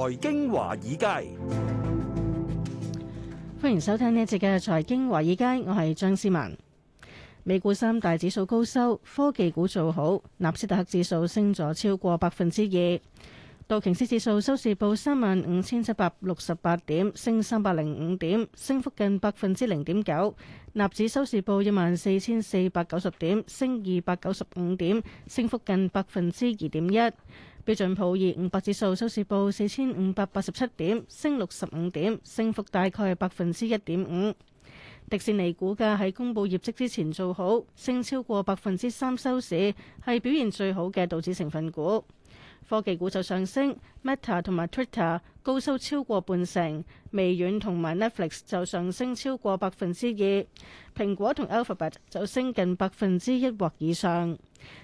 財經華爾街，歡迎收聽呢一節嘅財經華爾街，我係張思文。美股三大指數高收，科技股做好，納斯達克指數升咗超過百分之二，道瓊斯指數收市報三萬五千七百六十八點，升三百零五點，升幅近百分之零點九。納指收市報一萬四千四百九十點，升二百九十五點，升幅近百分之二點一。標準普爾五百指數收市報四千五百八十七點，升六十五點，升幅大概百分之一點五。迪士尼股價喺公布業績之前做好，升超過百分之三收市，係表現最好嘅道指成分股。科技股就上升，Meta 同埋 Twitter 高收超過半成，微軟同埋 Netflix 就上升超過百分之二，蘋果同 Alphabet 就升近百分之一或以上。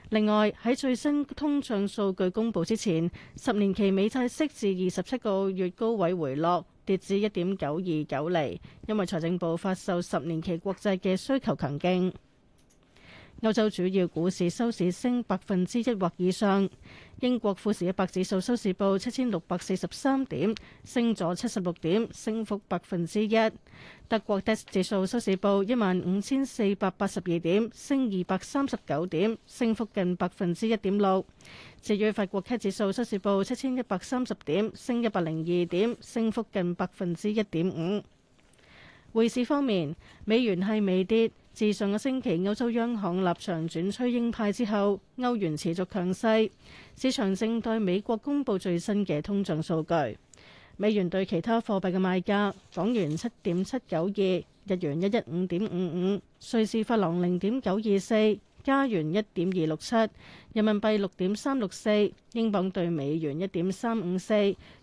另外喺最新通脹數據公布之前，十年期美債息至二十七個月高位回落，跌至一點九二九厘，因為財政部發售十年期國債嘅需求強勁。歐洲主要股市收市升百分之一或以上。英國富時一百指數收市報七千六百四十三點，升咗七十六點，升幅百分之一。德國 DAX 指數收市報一萬五千四百八十二點，升二百三十九點，升幅近百分之一點六。至於法國 CAC 指數收市報七千一百三十點，升一百零二點，升幅近百分之一點五。匯市方面，美元係未跌。自上個星期歐洲央行立場轉趨鷹派之後，歐元持續強勢。市場正對美國公布最新嘅通脹數據。美元對其他貨幣嘅賣價：港元七點七九二，日元一一五點五五，瑞士法郎零點九二四。加元一點二六七，人民幣六點三六四，英鎊對美元一點三五四，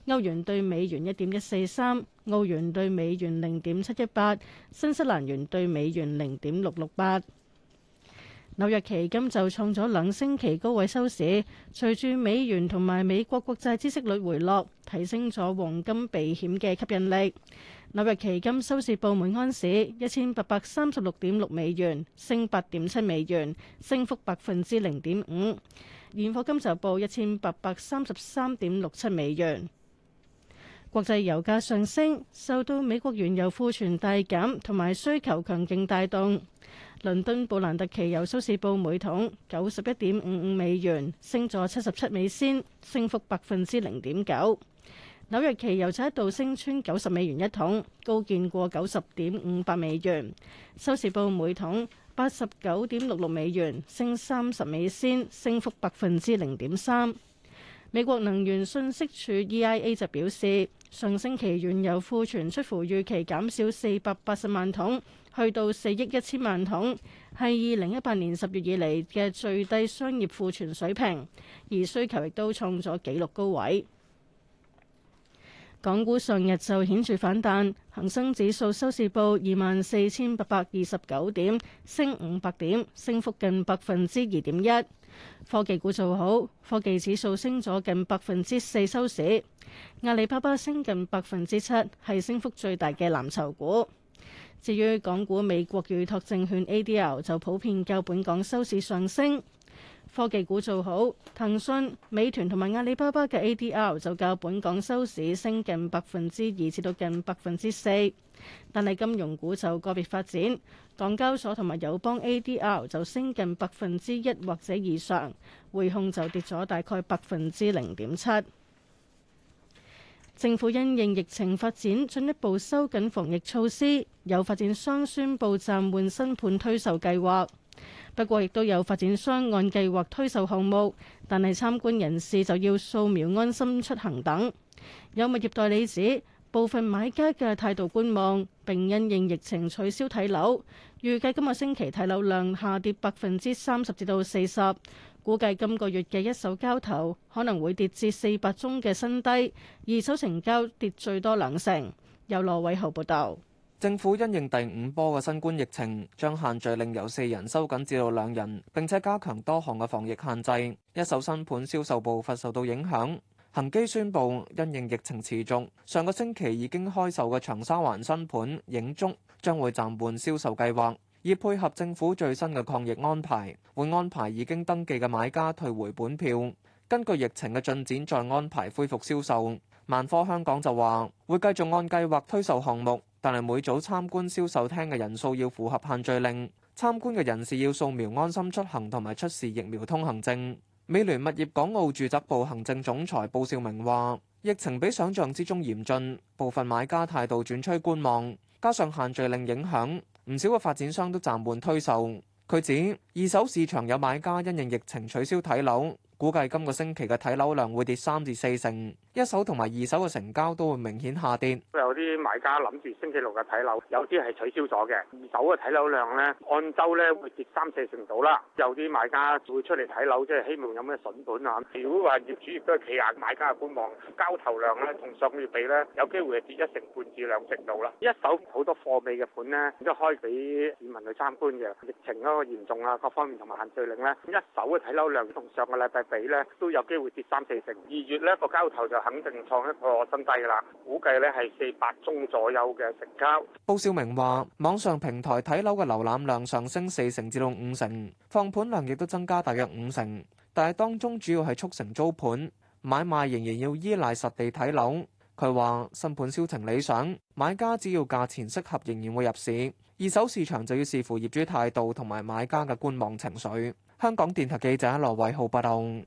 歐元對美元一點一四三，澳元對美元零點七一八，新西蘭元對美元零點六六八。紐約期金就創咗兩星期高位收市，隨住美元同埋美國國債孳息率回落，提升咗黃金避險嘅吸引力。紐約期金收市報每盎司一千八百三十六點六美元，升八點七美元，升幅百分之零點五。現貨金就報一千八百三十三點六七美元。國際油價上升，受到美國原油庫存大減同埋需求強勁帶動。倫敦布蘭特期油收市報每桶九十一點五五美元，升咗七十七美仙，升幅百分之零點九。紐約期油則一度升穿九十美元一桶，高見過九十點五百美元，收市報每桶八十九點六六美元，升三十美仙，升幅百分之零點三。美國能源信息署 （EIA） 就表示，上星期原油庫存出乎預期減少四百八十萬桶，去到四億一千萬桶，係二零一八年十月以嚟嘅最低商業庫存水平，而需求亦都創咗紀錄高位。港股上日就顯著反彈，恒生指數收市報二萬四千八百二十九點，升五百點，升幅近百分之二點一。科技股做好，科技指數升咗近百分之四收市。阿里巴巴升近百分之七，係升幅最大嘅藍籌股。至於港股，美國預託證券 ADL 就普遍較本港收市上升。科技股做好，騰訊、美團同埋阿里巴巴嘅 ADR 就較本港收市升近百分之二，至到近百分之四。但係金融股就個別發展，港交所同埋友邦 ADR 就升近百分之一或者以上，匯控就跌咗大概百分之零點七。政府因應疫情發展，進一步收緊防疫措施，有發展商宣布暫緩新盤推售計劃。不過，亦都有發展商按計劃推售項目，但係參觀人士就要掃描安心出行等。有物業代理指，部分買家嘅態度觀望，並因應疫情取消睇樓，預計今個星期睇樓量下跌百分之三十至到四十，估計今個月嘅一手交投可能會跌至四百宗嘅新低，二手成交跌最多兩成。有羅偉豪報道。政府因應第五波嘅新冠疫情，將限聚令由四人收緊至到兩人，並且加強多項嘅防疫限制。一手新盤銷售步伐受到影響，恒基宣布因應疫情持續，上個星期已經開售嘅長沙灣新盤影中將會暫緩銷售計劃，以配合政府最新嘅抗疫安排，會安排已經登記嘅買家退回本票，根據疫情嘅進展再安排恢復銷售。萬科香港就話會繼續按計劃推售項目。但係每組參觀銷售廳嘅人數要符合限聚令，參觀嘅人士要掃描安心出行同埋出示疫苗通行證。美聯物業港澳住宅部行政總裁布少明話：疫情比想象之中嚴峻，部分買家態度轉趨觀望，加上限聚令影響，唔少嘅發展商都暫緩推售。佢指二手市場有買家因應疫情取消睇樓。估計今個星期嘅睇樓量會跌三至四成，一手同埋二手嘅成交都會明顯下跌。有啲買家諗住星期六嘅睇樓，有啲係取消咗嘅。二手嘅睇樓量呢，按周呢會跌三四成度啦。有啲買家會出嚟睇樓，即係希望有咩筍盤啊。如果話業主亦都係企硬，買家係觀望，交投量呢同上個月比呢，有機會係跌一成半至兩成度啦。一手好多貨尾嘅盤呢，都開俾市民去參觀嘅。疫情嗰個嚴重啊，各方面同埋限聚令呢，一手嘅睇樓量同上個禮拜。俾咧都有機會跌三四成，二月呢個交投就肯定創一個新低㗎啦，估計咧係四百宗左右嘅成交。布少明話：網上平台睇樓嘅瀏覽量上升四成至到五成，放盤量亦都增加大約五成，但係當中主要係促成租盤，買賣仍然要依賴實地睇樓。佢話新盤銷情理想，買家只要價錢適合仍然會入市，二手市場就要視乎業主態度同埋買家嘅觀望情緒。香港電台記者羅偉浩報道。不動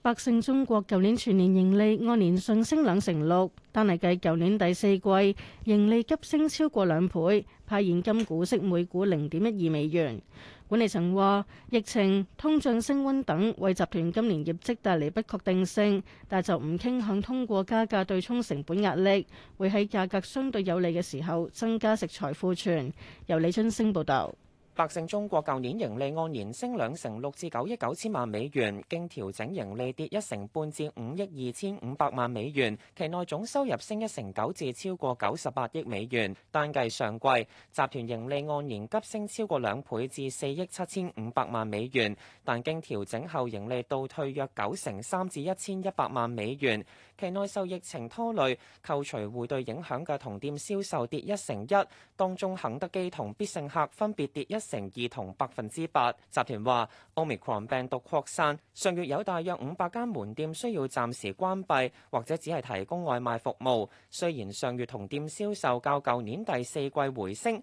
百勝中國舊年全年盈利按年上升兩成六，但係計舊年第四季盈利急升超過兩倍，派現金股息每股零點一二美元。管理層話，疫情、通脹升溫等為集團今年業績帶嚟不確定性，但就唔傾向通過加價對沖成本壓力，會喺價格相對有利嘅時候增加食材庫存。由李津升報道。百勝中國舊年盈利按年升兩成六至九億九千萬美元，經調整盈利跌一成半至五億二千五百萬美元。期內總收入升一成九至超過九十八億美元。單計上季，集團盈利按年急升超過兩倍至四億七千五百萬美元，但經調整後盈利倒退約九成三至一千一百萬美元。期內受疫情拖累，扣除匯兌影響嘅同店銷售跌一成一，當中肯德基同必勝客分別跌一成二同百分之八。集團話 Omicron 病毒擴散，上月有大約五百間門店需要暫時關閉，或者只係提供外賣服務，雖然上月同店銷售較舊年第四季回升。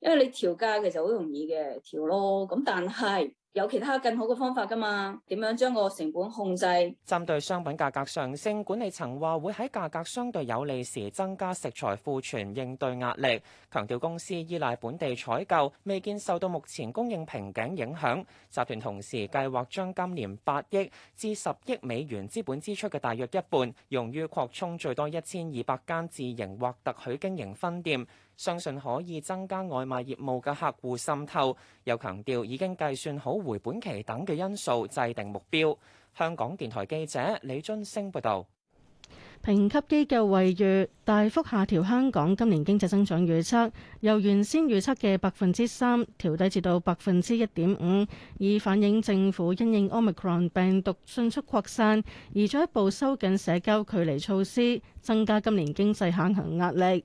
因為你調價其實好容易嘅調咯，咁但係有其他更好嘅方法噶嘛？點樣將個成本控制？針對商品價格上升，管理層話會喺價格相對有利時增加食材庫存應對壓力，強調公司依賴本地採購，未見受到目前供應瓶頸影響。集團同時計劃將今年八億至十億美元資本支出嘅大約一半，用於擴充最多一千二百間自營或特許經營分店。相信可以增加外賣業務嘅客戶滲透，又強調已經計算好回本期等嘅因素，制定目標。香港電台記者李津星報導。評級機構惠譽大幅下調香港今年經濟增長預測，由原先預測嘅百分之三調低至到百分之一點五，以反映政府因應 Omicron 病毒迅速擴散而進一步收緊社交距離措施，增加今年經濟下行壓力。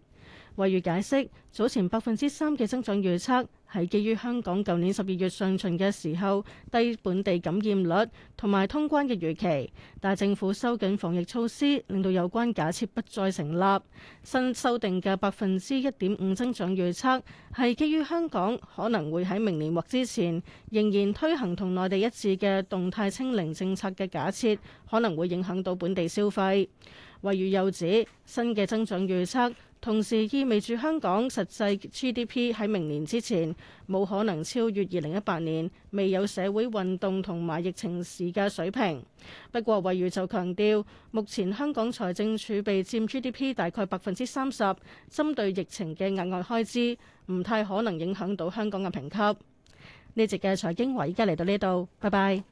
惠譽解釋，早前百分之三嘅增長預測係基於香港舊年十二月上旬嘅時候低本地感染率同埋通關嘅預期，但政府收緊防疫措施，令到有關假設不再成立。新修訂嘅百分之一點五增長預測係基於香港可能會喺明年或之前仍然推行同內地一致嘅動態清零政策嘅假設，可能會影響到本地消費。惠譽又指新嘅增長預測，同時意味住香港實際 GDP 喺明年之前冇可能超越二零一八年未有社會運動同埋疫情時嘅水平。不過，惠譽就強調，目前香港財政儲備佔 GDP 大概百分之三十，針對疫情嘅額外開支唔太可能影響到香港嘅評級。呢節嘅財經華爾街，依家嚟到呢度，拜拜。